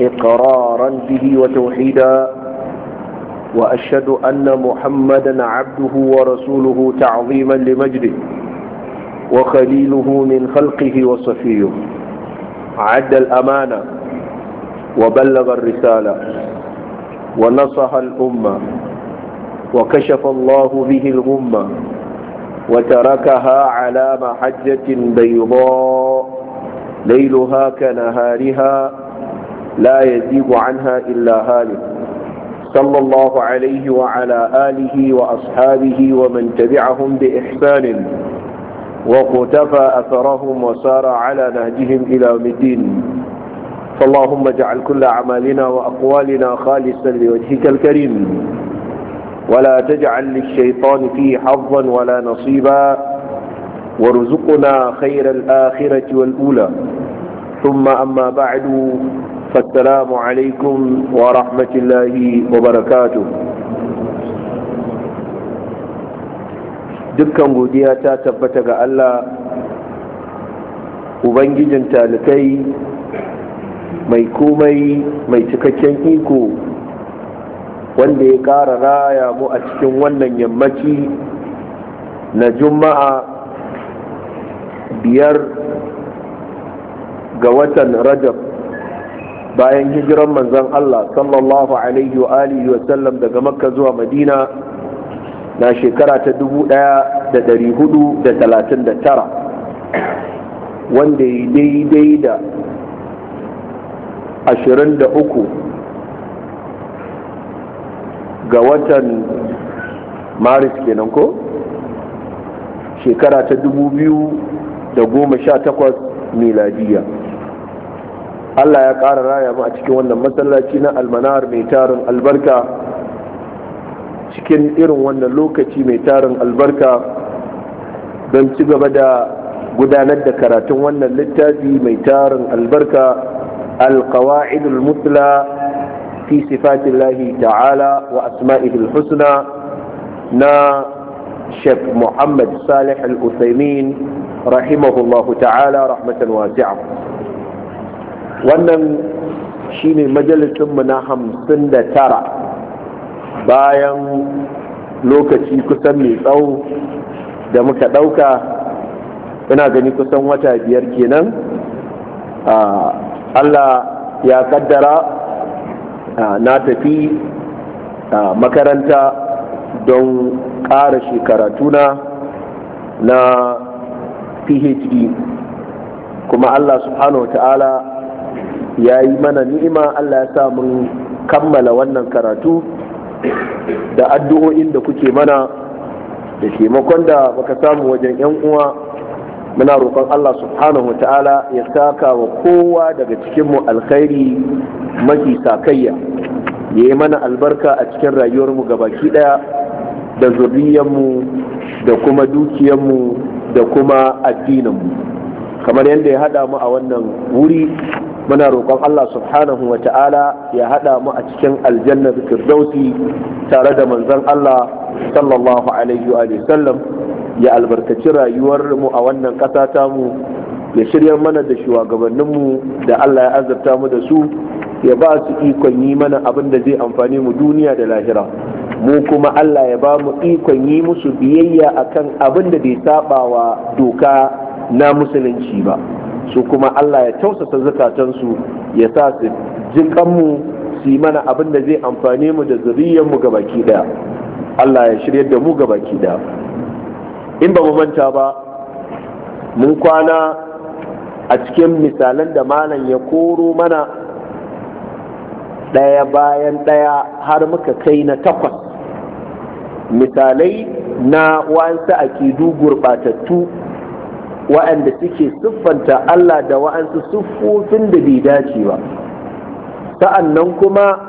إقرارا به وتوحيدا وأشهد أن محمدا عبده ورسوله تعظيما لمجده وخليله من خلقه وصفيه عد الأمانة وبلغ الرسالة ونصح الأمة وكشف الله به الغمة وتركها على محجة بيضاء ليلها كنهارها لا يزيغ عنها إلا هالك صلى الله عليه وعلى آله وأصحابه ومن تبعهم بإحسان وقتفى أثرهم وسار على نهجهم إلى مدين فاللهم اجعل كل أعمالنا وأقوالنا خالصا لوجهك الكريم ولا تجعل للشيطان فيه حظا ولا نصيبا وارزقنا خير الآخرة والأولى ثم أما بعد فالسلام عليكم ورحمة الله وبركاته dukkan godiya ta tabbata ga Allah Ubangijin talikai mai komai mai cikakken iko wanda ya ƙara raya mu a cikin wannan yammaci na juma'a biyar ga watan rajab bayan hijiran manzon Allah sallallahu alaihi wa alihi wa sallam daga makka zuwa madina na shekara ta 1439 wanda ya daidai da 23 ga watan maris kenan ko shekara ta 2018 miladiyya Allah ya ƙara raya mu a cikin wannan masallaci na almanar mai tarin albarka cikin irin wannan lokaci mai tarin albarka don ci gaba da gudanar da karatun wannan littafi mai tarin albarka alkawa'idul mutla fi sifatillahi ta'ala wa وأسمائه الحسنى نا شيخ محمد صالح الأثيمين رحمه الله تعالى رحمة wannan shi ne majalisunmu na hamsin da tara bayan lokaci kusan mai tsawo da muka ɗauka ina gani kusan wata biyar kenan allah ya kaddara na tafi makaranta don ƙara shekaratuna na phd e. kuma allah subhanahu wa ta'ala ya yi mana ni'ima Allah ya sa mun kammala wannan karatu da addu'o'in da kuke mana da taimakon da baka samu wajen 'yan uwa muna roƙon Allah subhanahu wa ta'ala ya saka wa kowa daga cikinmu alkhairi mafi sakayya ya yi mana albarka a cikin rayuwarmu gabaki ɗaya da zurriyarmu da kuma dukiyarmu da kuma addininmu kamar yadda ya haɗa mu a wannan wuri muna roƙon Allah subhanahu wa ta'ala ya haɗa mu a cikin aljannar firdausi tare da manzon Allah sallallahu alaihi wa sallam ya albarkaci rayuwar mu a wannan ƙasa ta mu ya shirya mana da shugabanninmu da Allah ya azabta mu da su ya ba su ikon yi mana abin da zai amfani mu duniya da lahira mu kuma Allah ya ba mu ikon yi musu biyayya akan abin da bai saba wa doka na musulunci ba su kuma Allah ya tausasa zukatansu ya sa su kanmu su yi mana abin da zai amfani mu da zuriyarmu ga baki daya Allah ya shiryar da mu ga baki daya in ba mu manta ba mun kwana a cikin misalan da malam ya koro mana ɗaya bayan ɗaya har muka kai na takwas misalai na wa'ansu akidu gurɓatattu wa'anda suke siffanta Allah da wa'ansu siffofin da bai dace ba sa'annan kuma